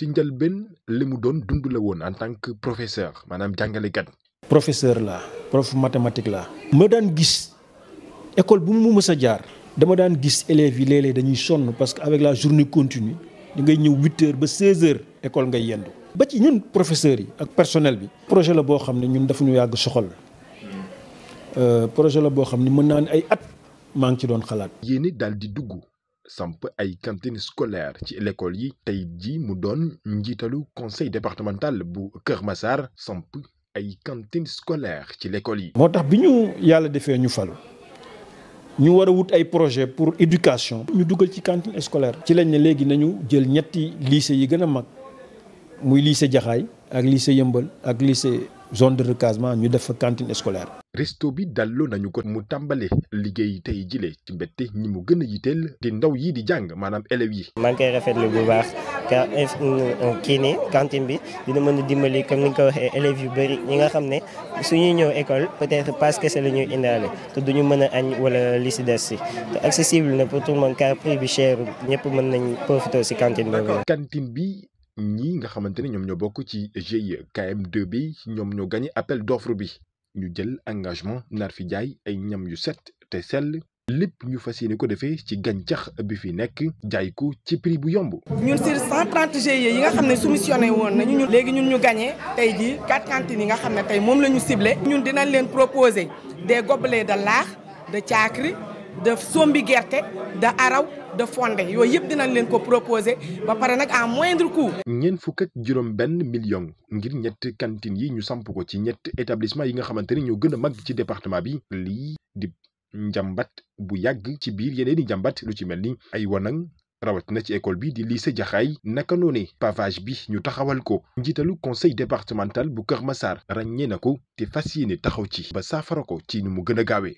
ci njëlbéen li mu doon dund la woon en tant que professeur maanaam jàngalekat. professeur la prof mathématique la ma daan gis école bu mu mës a jaar. dama daan gis élèves yi léeg-léeg dañuy sonn parce que avec la journée continue da ngay ñëw huit heures ba seize heures école ngay yendu. ba ci ñun professeurs yi ak personnel bi. projet la boo xam ne ñun dafa ñu yàgg soxal euh, projet la boo xam ne mën naa ne ay at maa ngi ci doon xalaat. yéen daal di dugg. samp ay cantine scolaire ci l'école yi tey ji mu doon njiitalu conseil départemental bu Kër masar samp ay cantine scolaire ci l'école yi. moo tax bi ñu yàlla defee ñu falu ñu war a wut ay projet pour éducation. ñu dugal ci cantine scolaire. ci lañ ne léegi nañu jël ñetti lycée yi gën a mag muy lycée Jaxaay ak lycée Yëmbal ak lycée. zone de recasement ñu def fa cantine scolaire. resto bi dalloo nañu ko mu tàmbali liggéey tey jile ci mbette ñi mu gën a yitteel di ndaw yi di jàng maanaam élèves yi. maa ngi koy rafetlu bu baax car mm, mm, kii nii cantine bi dina mën a dimbali comme ni nga waxee élèves yu bëri ñi nga xam ne su ñuy ñëw école peut-être parce que c'est la te duñu mën a añ wala li si des si te accessible na pour tout le prix bi cher ñëpp mën nañ profiter si cantine boobu. cantine bi. ñi nga xamante ni ñoom ñoo bokk ci GIE km d bi ñoom ñoo gagné appel d'offre bi ñu jël engagement nar fi jaay ay ñam yu set te sell lépp ñu fa yéene ko defee ci gàncax bi fi nekk jaay ko ci prix bu yomb. ñun sur 130 GIE yi nga xam ne soumissionné woon nañu ñun. léegi ñun ñu gagné tey jii quatre cantines yi nga xam ne tey moom la ñu ciblé. ñun dinañ leen proposer des gobelets de laax de caakri. de sombi gerte de araw de fonde yooyu yëpp dinañ leen ko proposer ba pare nag à moindre coût. ñeent fukk ak juróom benn million ngir ñett cantine yi ñu samp ko ci ñett établissement yi nga xamante ni ñoo gën a mag ci département bi lii di njambat bu yàgg ci biir yeneen i lu ci mel ni ay wanang rawat na ci école bi di lycée Jaxaay naka noone pavage bi ñu taxawal ko njiitalu conseil départemental bu Kër Massar ràññee na ko te fas yéene taxaw ci saafara ko ci nu mu gën a